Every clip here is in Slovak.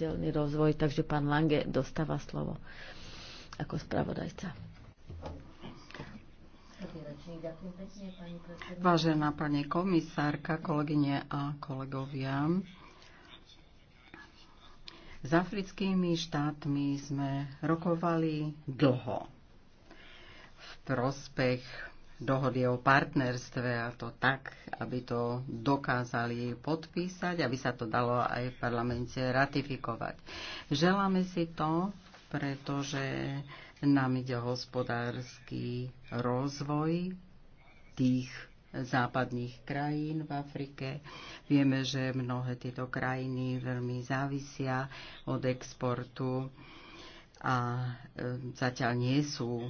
udržateľný rozvoj, takže pán Lange dostáva slovo ako spravodajca. Vážená pani komisárka, kolegyne a kolegovia, s africkými štátmi sme rokovali dlho v prospech dohody o partnerstve a to tak, aby to dokázali podpísať, aby sa to dalo aj v parlamente ratifikovať. Želáme si to, pretože nám ide hospodársky rozvoj tých západných krajín v Afrike. Vieme, že mnohé tieto krajiny veľmi závisia od exportu a e, zatiaľ nie sú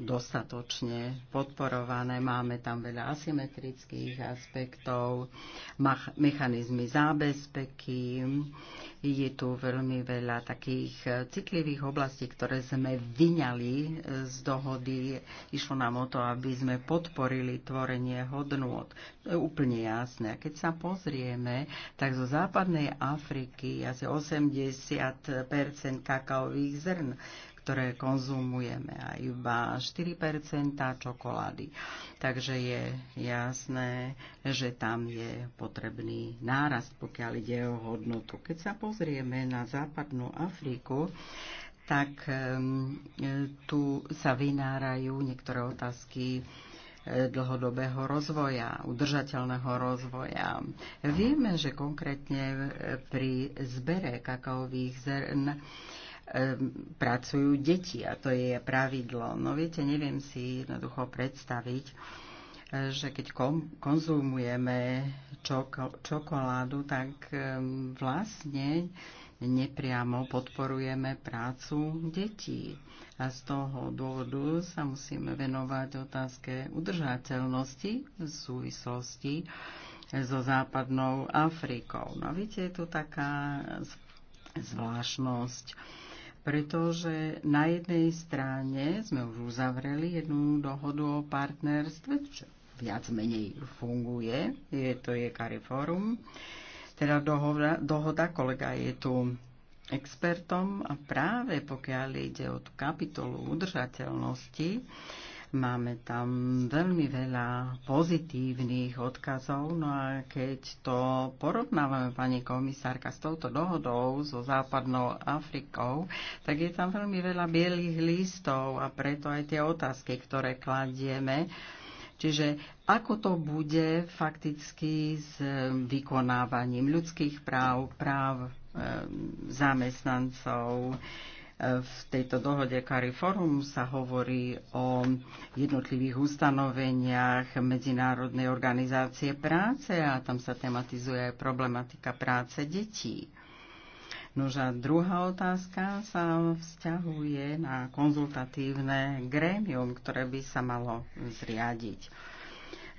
dostatočne podporované. Máme tam veľa asymetrických aspektov, mechanizmy zábezpeky. Je tu veľmi veľa takých citlivých oblastí, ktoré sme vyňali z dohody. Išlo nám o to, aby sme podporili tvorenie hodnôt. To je úplne jasné. A keď sa pozrieme, tak zo západnej Afriky asi 80 kakaových zrn ktoré konzumujeme, a iba 4 čokolády. Takže je jasné, že tam je potrebný nárast, pokiaľ ide o hodnotu. Keď sa pozrieme na západnú Afriku, tak tu sa vynárajú niektoré otázky eh, dlhodobého rozvoja, udržateľného rozvoja. Vieme, že konkrétne eh, pri zbere kakaových zrn pracujú deti a to je pravidlo. No viete, neviem si jednoducho predstaviť, e, že keď konzumujeme čokoládu, tak vlastne nepriamo podporujeme prácu detí. A z toho dôvodu sa musíme venovať otázke udržateľnosti v súvislosti so západnou Afrikou. No viete, je tu taká zvláštnosť pretože na jednej strane sme už uzavreli jednu dohodu o partnerstve, čo viac menej funguje, je to je Cariforum, teda dohoda, dohoda, kolega je tu expertom a práve pokiaľ ide o tú kapitolu udržateľnosti, Máme tam veľmi veľa pozitívnych odkazov, no a keď to porovnávame, pani komisárka, s touto dohodou so západnou Afrikou, tak je tam veľmi veľa bielých listov a preto aj tie otázky, ktoré kladieme, Čiže ako to bude fakticky s e, vykonávaním ľudských práv, práv e, zamestnancov, v tejto dohode CARIFORUM sa hovorí o jednotlivých ustanoveniach Medzinárodnej organizácie práce a tam sa tematizuje aj problematika práce detí. Nož a druhá otázka sa vzťahuje na konzultatívne grémium, ktoré by sa malo zriadiť.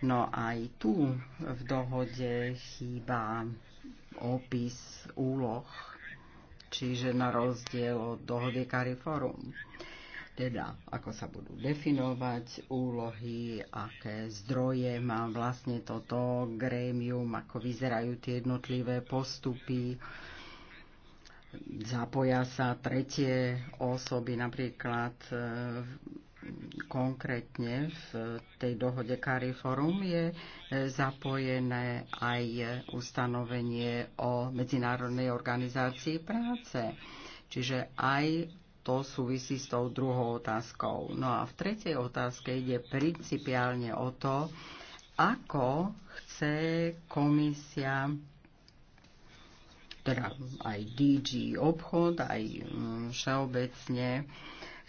No aj tu v dohode chýba opis úloh čiže na rozdiel od dohody CARIFORUM. Teda, ako sa budú definovať úlohy, aké zdroje má vlastne toto grémium, ako vyzerajú tie jednotlivé postupy, zapoja sa tretie osoby, napríklad eh, konkrétne v tej dohode CARIFORUM je e, zapojené aj ustanovenie o Medzinárodnej organizácii práce. Čiže aj to súvisí s tou druhou otázkou. No a v tretej otázke ide principiálne o to, ako chce komisia teda aj DG obchod, aj mm, všeobecne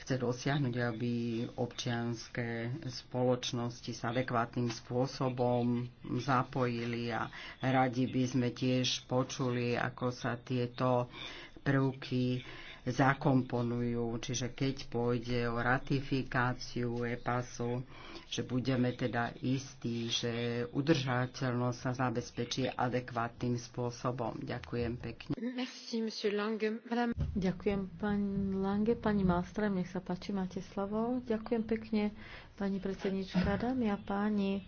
chce dosiahnuť, aby občianské spoločnosti sa adekvátnym spôsobom zapojili a radi by sme tiež počuli, ako sa tieto prvky zakomponujú. Čiže keď pôjde o ratifikáciu EPASu, že budeme teda istí, že udržateľnosť sa zabezpečí adekvátnym spôsobom. Ďakujem pekne. Merci, Lange. Madame... Ďakujem, pani Lange. Pani Malstrem, nech sa páči, máte slovo. Ďakujem pekne, pani predsednička, dámy a páni.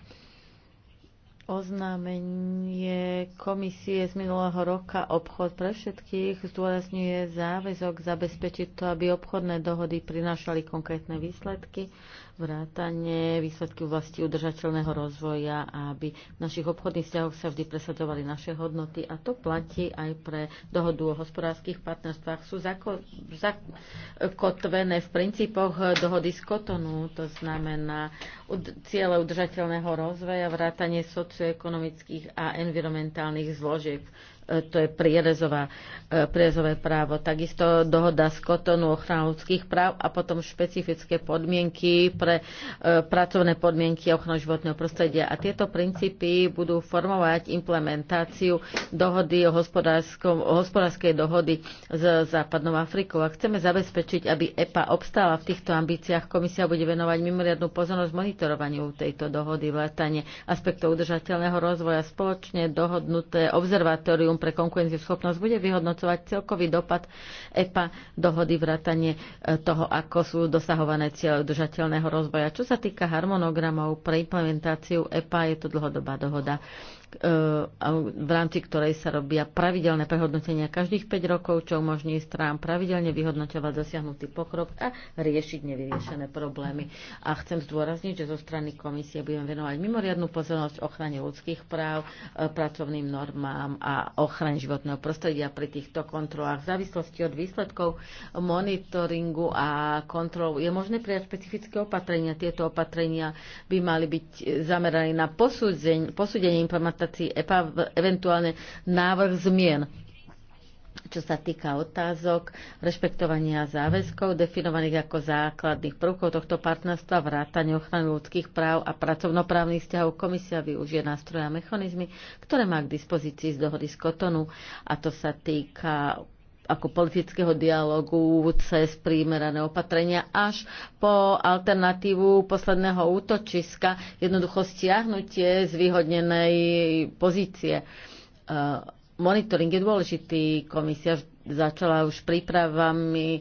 Oznámenie komisie z minulého roka obchod pre všetkých zdôrazňuje záväzok zabezpečiť to, aby obchodné dohody prinášali konkrétne výsledky vrátanie výsledky oblasti udržateľného rozvoja, aby v našich obchodných vzťahoch sa vždy presadzovali naše hodnoty a to platí aj pre dohodu o hospodárskych partnerstvách. Sú zakotvené v princípoch dohody z Kotonu, to znamená ciele udržateľného rozvoja, vrátanie socioekonomických a environmentálnych zložiek E, to je prierezová, e, prierezové právo. Takisto dohoda z kotonu ochranu ľudských práv a potom špecifické podmienky pre e, pracovné podmienky a ochranu životného prostredia. A tieto princípy budú formovať implementáciu dohody o, o hospodárskej dohody s Západnou Afrikou. A chceme zabezpečiť, aby EPA obstála v týchto ambíciách. Komisia bude venovať mimoriadnú pozornosť monitorovaniu tejto dohody, vlátanie aspektov udržateľného rozvoja, spoločne dohodnuté observatórium kritérium pre konkurencieschopnosť bude vyhodnocovať celkový dopad EPA dohody vrátanie e, toho, ako sú dosahované cieľe udržateľného rozvoja. Čo sa týka harmonogramov pre implementáciu EPA, je to dlhodobá dohoda Eh, v rámci ktorej sa robia pravidelné prehodnotenia každých 5 rokov, čo umožní strán pravidelne vyhodnoťovať dosiahnutý pokrok a riešiť nevyriešené problémy. A chcem zdôrazniť, že zo strany komisie budeme venovať mimoriadnú pozornosť ochrane ľudských práv, eh, pracovným normám a ochrane životného prostredia pri týchto kontrolách. V závislosti od výsledkov monitoringu a kontrol je možné prijať špecifické opatrenia. Tieto opatrenia by mali byť zamerané na posúdenie, posúdenie implementácie implementácii EPA eventuálne návrh zmien čo sa týka otázok rešpektovania záväzkov definovaných ako základných prvkov tohto partnerstva, vrátanie ochrany ľudských práv a pracovnoprávnych vzťahov. Komisia využije nástroje a mechanizmy, ktoré má k dispozícii z dohody z Kotonu a to sa týka ako politického dialogu cez prímerané opatrenia až po alternatívu posledného útočiska, jednoducho stiahnutie zvýhodnenej pozície. Eh, monitoring je dôležitý. Komisia začala už prípravami e,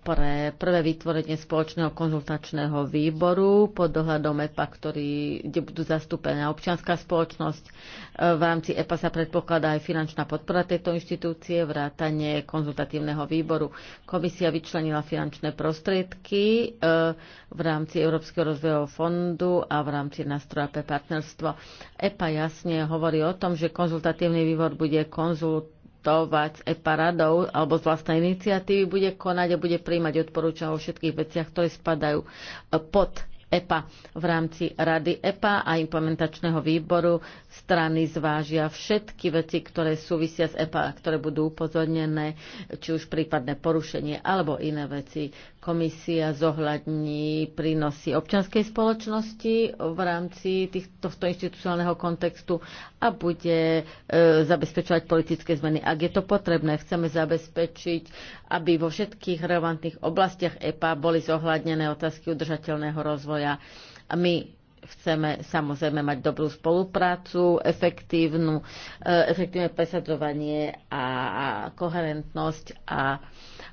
pre prvé vytvorenie spoločného konzultačného výboru pod dohľadom EPA, ktorý, kde budú zastúpená občianská spoločnosť. E, v rámci EPA sa predpokladá aj finančná podpora tejto inštitúcie, vrátanie konzultatívneho výboru. Komisia vyčlenila finančné prostriedky e, v rámci Európskeho rozvojového fondu a v rámci nástroja pre partnerstvo. EPA jasne hovorí o tom, že konzultatívny výbor bude konzult kontaktovať s EPARADou alebo z vlastnej iniciatívy bude konať a bude príjmať odporúčania o všetkých veciach, ktoré spadajú e, pod EPA v rámci Rady EPA a implementačného výboru strany zvážia všetky veci, ktoré súvisia s EPA, ktoré budú upozornené, či už prípadné porušenie alebo iné veci, komisia zohľadní prínosy občianskej spoločnosti v rámci tých, tohto institucionálneho kontextu a bude e, zabezpečovať politické zmeny. Ak je to potrebné, chceme zabezpečiť, aby vo všetkých relevantných oblastiach EPA boli zohľadnené otázky udržateľného rozvoja. A my chceme samozrejme mať dobrú spoluprácu, efektívnu, e, efektívne presadzovanie a, a koherentnosť a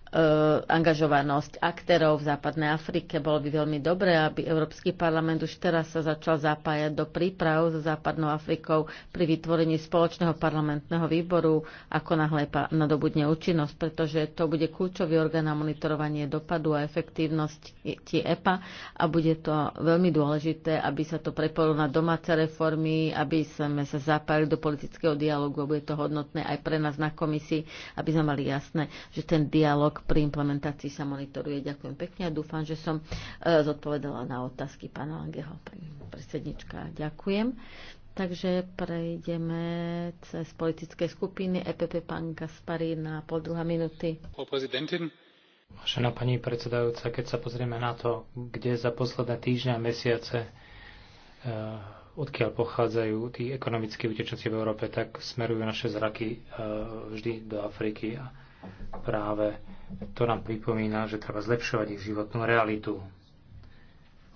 Eh, angažovanosť aktérov v západnej Afrike. Bolo by veľmi dobré, aby Európsky parlament už teraz sa začal zapájať do príprav so západnou Afrikou pri vytvorení spoločného parlamentného výboru, ako náhle nadobudne účinnosť, pretože to bude kľúčový orgán na monitorovanie dopadu a efektívnosti EPA a bude to veľmi dôležité, aby sa to prepojilo na domáce reformy, aby sme sa zapájali do politického dialogu a bude to hodnotné aj pre nás na komisii, aby sme mali jasné, že ten dialog pri implementácii sa monitoruje. Ďakujem pekne a dúfam, že som e, zodpovedala na otázky pána Langeho, pani predsednička. Ďakujem. Takže prejdeme cez politické skupiny. EPP pán Gaspari na pol druhá minúty. Vážená pani predsedajúca, keď sa pozrieme na to, kde za posledné týždňa a mesiace e, odkiaľ pochádzajú tí ekonomickí utečenci v Európe, tak smerujú naše zraky e, vždy do Afriky. A práve to nám pripomína, že treba zlepšovať ich životnú realitu.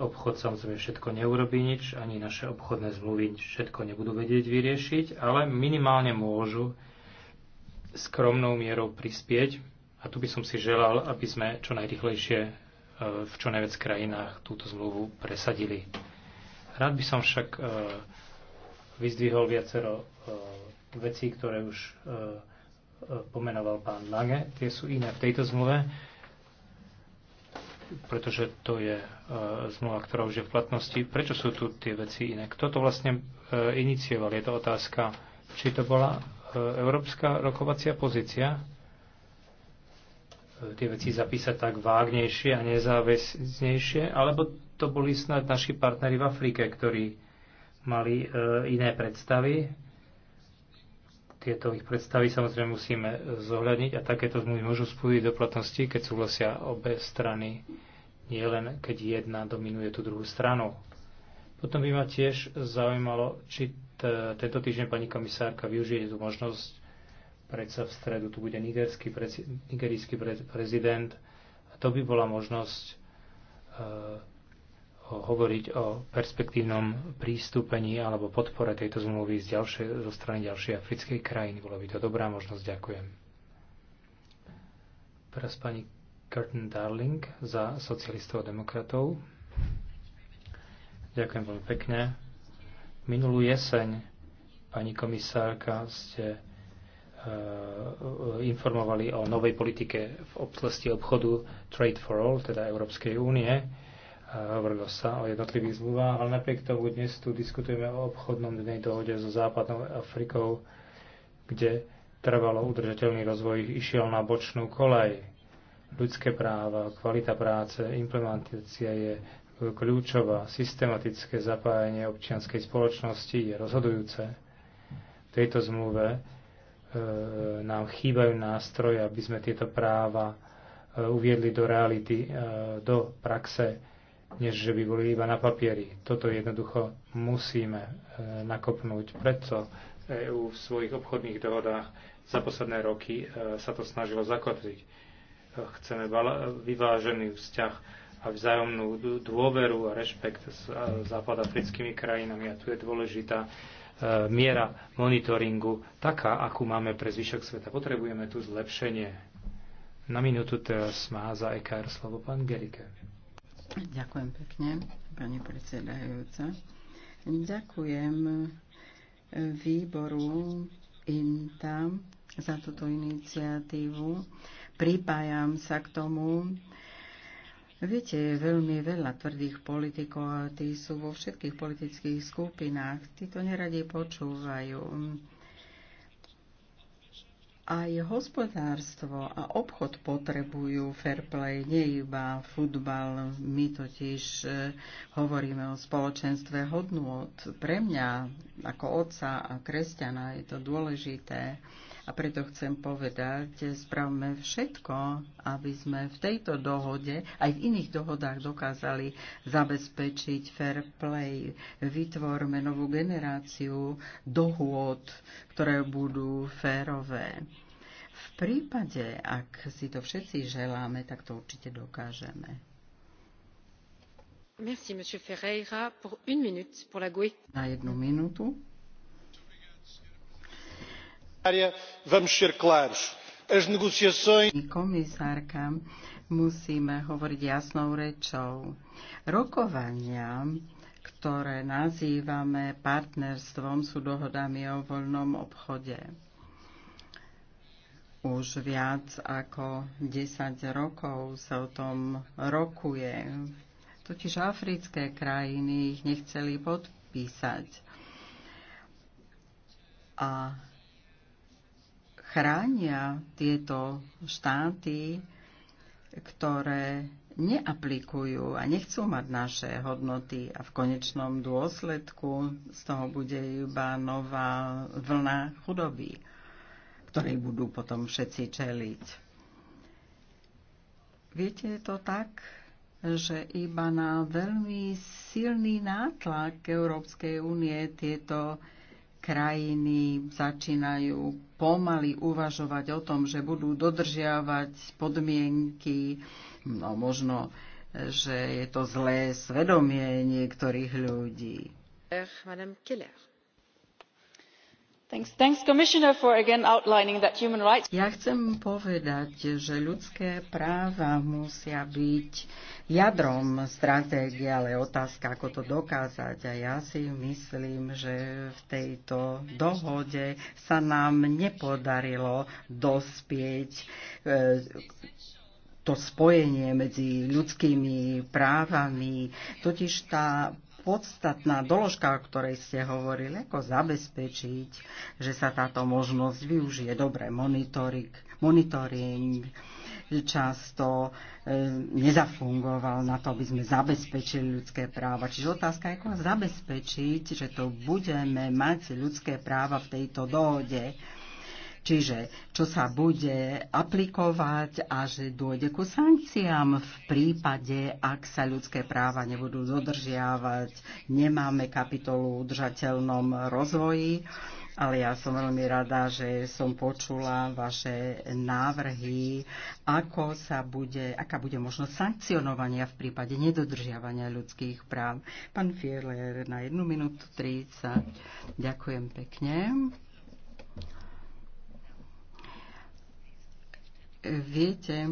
Obchod samozrejme všetko neurobí nič, ani naše obchodné zmluvy všetko nebudú vedieť vyriešiť, ale minimálne môžu skromnou mierou prispieť. A tu by som si želal, aby sme čo najrychlejšie e, v čo najviac krajinách túto zmluvu presadili. Rád by som však e, vyzdvihol viacero e, vecí, ktoré už pomenoval pán Lange, tie sú iné v tejto zmluve, pretože to je e, zmluva, ktorá už je v platnosti. Prečo sú tu tie veci iné? Kto to vlastne e, inicioval? Je to otázka, či to bola e, európska rokovacia pozícia? Tie veci zapísať tak vágnejšie a nezáväznejšie? Alebo to boli snad naši partnery v Afrike, ktorí mali iné predstavy tieto ich predstavy samozrejme musíme e, zohľadniť a takéto zmluvy môžu spúdiť do platnosti, keď súhlasia obe strany, nie len keď jedna dominuje tú druhú stranu. Potom by ma tiež zaujímalo, či tento týždeň pani komisárka využije tú možnosť, predsa v stredu tu bude nigerský prezi- nigerijský pre- prezident, a to by bola možnosť e, hovoriť o perspektívnom prístupení alebo podpore tejto zmluvy z ďalšie, zo strany ďalšej africkej krajiny. Bola by to dobrá možnosť. Ďakujem. Teraz pani Curtin Darling za socialistov a demokratov. Ďakujem veľmi pekne. Minulú jeseň, pani komisárka, ste e, e, informovali o novej politike v oblasti obchodu Trade for All, teda Európskej únie hovorilo sa o jednotlivých zmluvách, ale napriek tomu dnes tu diskutujeme o obchodnom dnej dohode so Západnou Afrikou, kde trvalo udržateľný rozvoj išiel na bočnú kolej. Ľudské práva, kvalita práce, implementácia je kľúčová, systematické zapájanie občianskej spoločnosti je rozhodujúce. V tejto zmluve e, nám chýbajú nástroje, aby sme tieto práva e, uviedli do reality, e, do praxe než že by boli iba na papieri. Toto jednoducho musíme e, nakopnúť. Preto EÚ v svojich obchodných dohodách za posledné roky e, sa to snažilo zakotviť. E, chceme vyvážený vzťah a vzájomnú dôveru a rešpekt s západafrickými krajinami. A tu je dôležitá miera monitoringu taká, akú máme pre zvyšok sveta. Potrebujeme tu zlepšenie. Na minútu teraz má za EKR slovo pán Gerike. Ďakujem pekne, pani predsedajúca. Ďakujem e, výboru INTA za túto iniciatívu. Pripájam sa k tomu. Viete, je veľmi veľa tvrdých politikov a tí sú vo všetkých politických skupinách. Tí to neradi počúvajú aj hospodárstvo a obchod potrebujú fair play, nie iba futbal. My totiž e, hovoríme o spoločenstve hodnôt. Pre mňa ako otca a kresťana je to dôležité. A preto chcem povedať, spravme všetko, aby sme v tejto dohode, aj v iných dohodách dokázali zabezpečiť fair play. Vytvorme novú generáciu dohôd, ktoré budú férové. V prípade, ak si to všetci želáme, tak to určite dokážeme. Merci, Ferreira, pour une minute, pour la Na jednu minútu. Komisárka, musíme hovoriť jasnou rečou. Rokovania ktoré nazývame partnerstvom, sú dohodami o voľnom obchode. Už viac ako 10 rokov sa o tom rokuje. Totiž africké krajiny ich nechceli podpísať. A chránia tieto štáty, ktoré neaplikujú a nechcú mať naše hodnoty a v konečnom dôsledku z toho bude iba nová vlna chudoby, ktorej budú potom všetci čeliť. Viete, je to tak, že iba na veľmi silný nátlak Európskej únie tieto krajiny začínajú pomaly uvažovať o tom, že budú dodržiavať podmienky, no možno, že je to zlé svedomie niektorých ľudí. Eh, Madame Keller. Ja chcem povedať, že ľudské práva musia byť jadrom stratégie, ale otázka, ako to dokázať. A ja si myslím, že v tejto dohode sa nám nepodarilo dospieť e, to spojenie medzi ľudskými právami. Totiž tá podstatná doložka, o ktorej ste hovorili, ako zabezpečiť, že sa táto možnosť využije dobre, monitoring, monitoring často e, nezafungoval na to, aby sme zabezpečili ľudské práva. Čiže otázka je, ako zabezpečiť, že to budeme mať ľudské práva v tejto dohode. Čiže čo sa bude aplikovať a že dôjde ku sankciám v prípade, ak sa ľudské práva nebudú dodržiavať. Nemáme kapitolu o udržateľnom rozvoji ale ja som veľmi rada, že som počula vaše návrhy, ako sa bude, aká bude možnosť sankcionovania v prípade nedodržiavania ľudských práv. Pán Fierler na 1 minútu 30. Ďakujem pekne. Viete,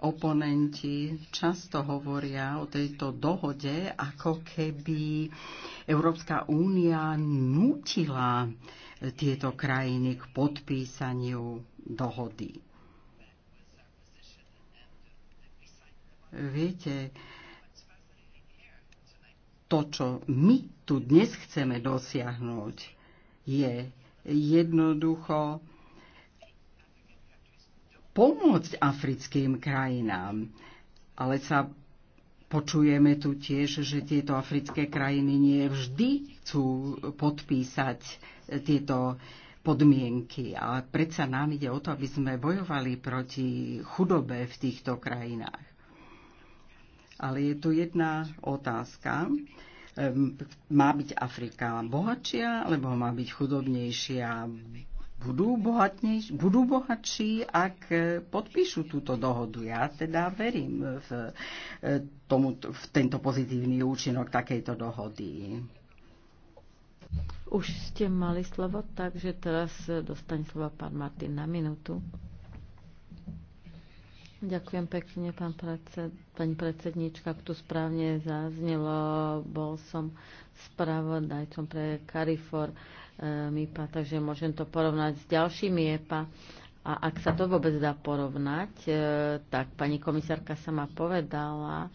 oponenti často hovoria o tejto dohode, ako keby Európska únia nutila tieto krajiny k podpísaniu dohody. Viete, to, čo my tu dnes chceme dosiahnuť, je jednoducho pomôcť africkým krajinám. Ale sa počujeme tu tiež, že tieto africké krajiny nie vždy chcú podpísať tieto podmienky. A predsa nám ide o to, aby sme bojovali proti chudobe v týchto krajinách. Ale je tu jedna otázka. Ehm, má byť Afrika bohatšia, alebo má byť chudobnejšia? budú, budú bohatší, ak e, podpíšu túto dohodu. Ja teda verím v, e, tomu, v tento pozitívny účinok takejto dohody. Už ste mali slovo, takže teraz e, dostane slovo pán Martin na minútu. Ďakujem pekne, pán predsed, pani predsednička, ak tu správne zaznelo, bol som spravodajcom pre Carifor. Uh, MIPA, ehm, takže môžem to porovnať s ďalšími EPA. A ak sa to vôbec dá porovnať, eh, tak pani komisárka sama povedala,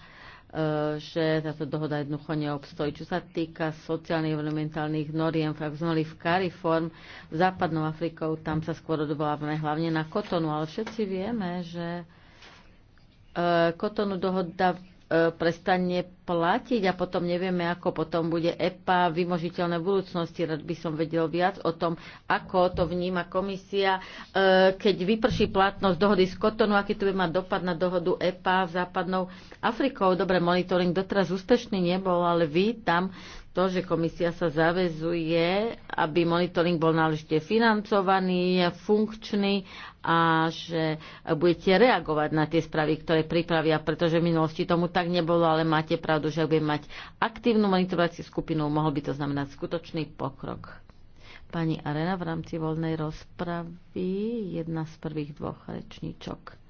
eh, že táto dohoda jednoducho neobstojí. Čo sa týka sociálnych a environmentálnych noriem, ak sme mali v Kariform, v západnou Afrikou, tam sa skôr odvolávame hlavne na kotonu, ale všetci vieme, že eh, kotonu dohoda E, prestane platiť a potom nevieme, ako potom bude EPA vymožiteľné v budúcnosti. Rád by som vedel viac o tom, ako to vníma komisia, e, keď vyprší platnosť dohody z Kotonu, aký to by mať dopad na dohodu EPA s západnou Afrikou. Dobre, monitoring doteraz úspešný nebol, ale vy tam to, že komisia sa zavezuje, aby monitoring bol náležite financovaný, funkčný a že budete reagovať na tie správy, ktoré pripravia, pretože v minulosti tomu tak nebolo, ale máte pravdu, že ak budem mať aktívnu monitorovaciu skupinu, mohol by to znamenať skutočný pokrok. Pani Arena v rámci voľnej rozpravy, jedna z prvých dvoch rečníčok.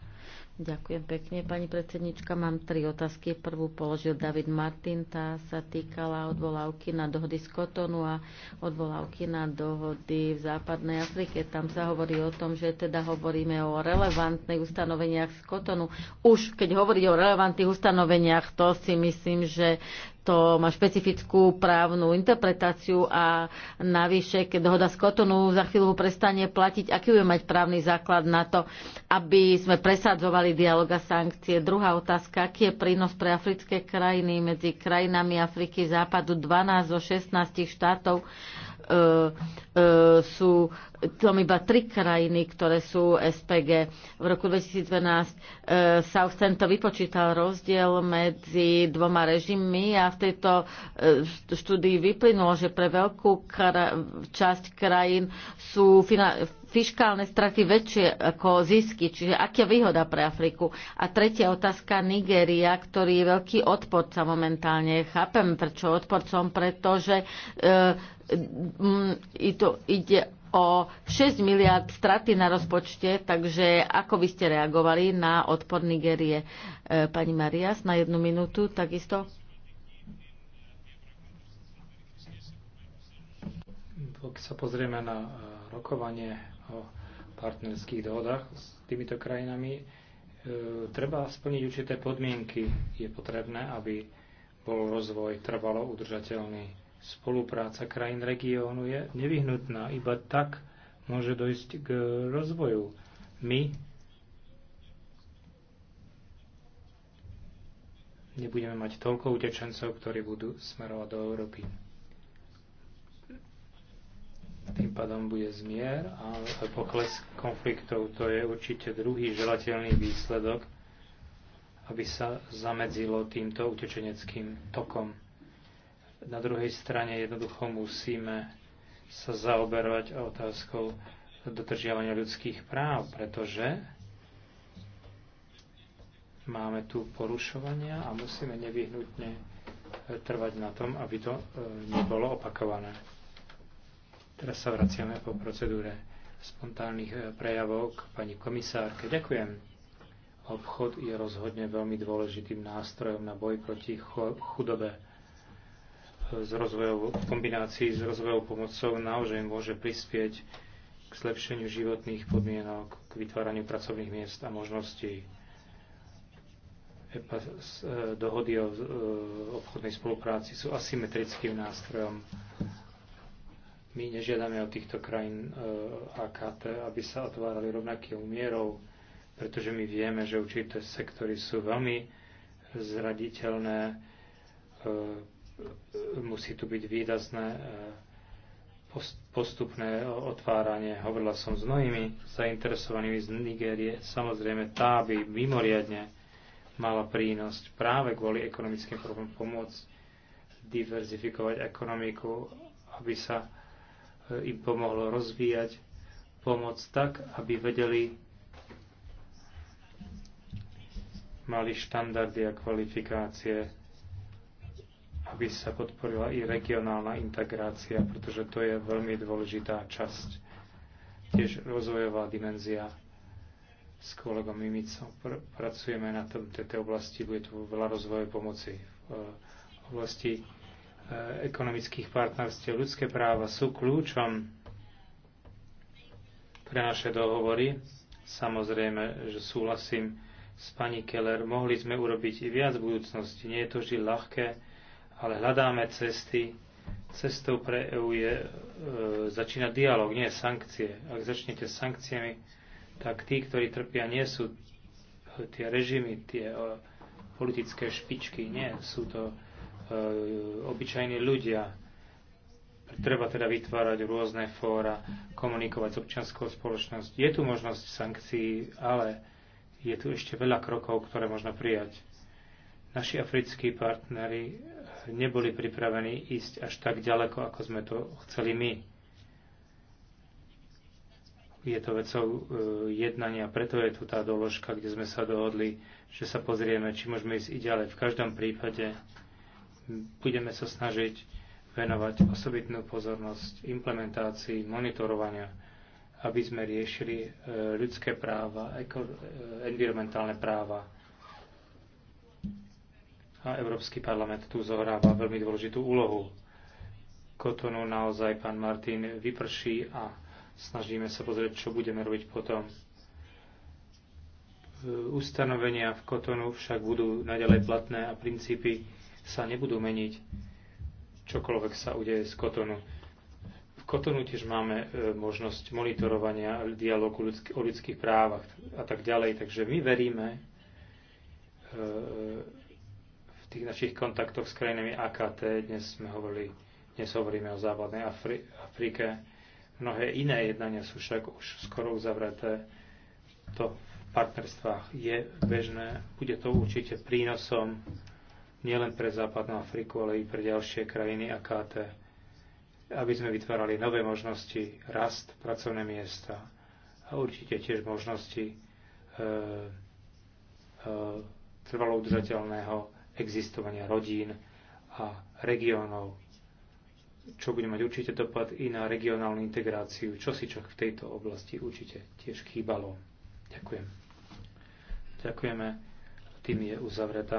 Ďakujem pekne, pani predsednička. Mám tri otázky. Prvú položil David Martin. Tá sa týkala odvolávky na dohody z Kotonu a odvolávky na dohody v západnej Afrike. Tam sa hovorí o tom, že teda hovoríme o relevantných ustanoveniach z Kotonu. Už keď hovorí o relevantných ustanoveniach, to si myslím, že to má špecifickú právnu interpretáciu a navyše, keď dohoda z Kotonu za chvíľu prestane platiť, aký bude mať právny základ na to, aby sme presadzovali dialog a sankcie. Druhá otázka, aký je prínos pre africké krajiny medzi krajinami Afriky západu 12 zo 16 štátov E, e, sú tam iba tri krajiny, ktoré sú SPG. V roku 2012 sa už tento vypočítal rozdiel medzi dvoma režimmi a v tejto e, štúdii vyplynulo, že pre veľkú kra- časť krajín sú fiškálne straty väčšie ako zisky, čiže aká výhoda pre Afriku. A tretia otázka, Nigéria, ktorý je veľký odporca momentálne. Chápem, prečo odporcom, pretože e, to ide o 6 miliard straty na rozpočte, takže ako by ste reagovali na odpor Nigérie? E, pani Marias, na jednu minútu takisto. Keď sa pozrieme na e, rokovanie o partnerských dohodách s týmito krajinami, e, treba splniť určité podmienky. Je potrebné, aby bol rozvoj trvalo udržateľný. Spolupráca krajín regiónu je nevyhnutná. Iba tak môže dojsť k rozvoju. My nebudeme mať toľko utečencov, ktorí budú smerovať do Európy tým pádom bude zmier a pokles konfliktov to je určite druhý želateľný výsledok, aby sa zamedzilo týmto utečeneckým tokom. Na druhej strane jednoducho musíme sa zaoberovať otázkou dodržiavania ľudských práv, pretože máme tu porušovania a musíme nevyhnutne trvať na tom, aby to e, nebolo opakované. Teraz sa vraciame po procedúre spontánnych e, prejavov k pani komisárke. Ďakujem. Obchod je rozhodne veľmi dôležitým nástrojom na boj proti chudobe e, z rozvojov, v kombinácii s rozvojou pomocou naozaj môže prispieť k zlepšeniu životných podmienok, k vytváraniu pracovných miest a možností EPA, e, dohody o obchodnej spolupráci sú asymetrickým nástrojom my nežiadame od týchto krajín e, AKT, aby sa otvárali rovnakou mierou, pretože my vieme, že určité sektory sú veľmi zraditeľné, e, e, musí tu byť výrazné postupné otváranie. Hovorila som s mnohými zainteresovanými z Nigérie. Samozrejme, tá by mimoriadne mala prínos práve kvôli ekonomickým problémom pomôcť diverzifikovať ekonomiku, aby sa E, im pomohlo rozvíjať pomoc tak, aby vedeli, mali štandardy a kvalifikácie, aby sa podporila i regionálna integrácia, pretože to je veľmi dôležitá časť, tiež rozvojová dimenzia s kolegom Mimicom pr- pracujeme na tom, tejto oblasti, bude tu veľa rozvoje pomoci v e, oblasti Eh, ekonomických partnerstiev. Ľudské práva sú kľúčom pre naše dohovory. Samozrejme, že súhlasím s pani Keller. Mohli sme urobiť i viac v budúcnosti. Nie je to vždy ľahké, ale hľadáme cesty. Cestou pre EU je e, začínať dialog, nie sankcie. Ak začnete sankciami, tak tí, ktorí trpia, nie sú tie režimy, tie e, politické špičky, nie. Sú to Eh, obyčajní ľudia. Treba teda vytvárať rôzne fóra, komunikovať s občianskou spoločnosť. Je tu možnosť sankcií, ale je tu ešte veľa krokov, ktoré možno prijať. Naši africkí partnery neboli pripravení ísť až tak ďaleko, ako sme to chceli my. Je to vecou eh, jednania, preto je tu tá doložka, kde sme sa dohodli, že sa pozrieme, či môžeme ísť i ďalej. V každom prípade budeme sa snažiť venovať osobitnú pozornosť implementácii monitorovania, aby sme riešili e, ľudské práva, e, environmentálne práva. A Európsky parlament tu zohráva veľmi dôležitú úlohu. Kotonu naozaj pán Martin vyprší a snažíme sa pozrieť, čo budeme robiť potom. E, ustanovenia v Kotonu však budú naďalej platné a princípy sa nebudú meniť, čokoľvek sa udeje z kotonu. V kotonu tiež máme e, možnosť monitorovania dialogu o ľudských právach a tak ďalej, takže my veríme e, e, v tých našich kontaktoch s krajinami AKT, dnes sme hovorili, dnes hovoríme o západnej Afri- Afrike, mnohé iné jednania sú však už skoro uzavreté. To v partnerstvách je bežné, bude to určite prínosom nielen pre Západnú Afriku, ale i pre ďalšie krajiny AKT, aby sme vytvárali nové možnosti, rast, pracovné miesta a určite tiež možnosti e, e, trvalo udržateľného existovania rodín a regiónov, čo bude mať určite dopad i na regionálnu integráciu, čo si čo v tejto oblasti určite tiež chýbalo. Ďakujem. Ďakujeme. Tým je uzavretá.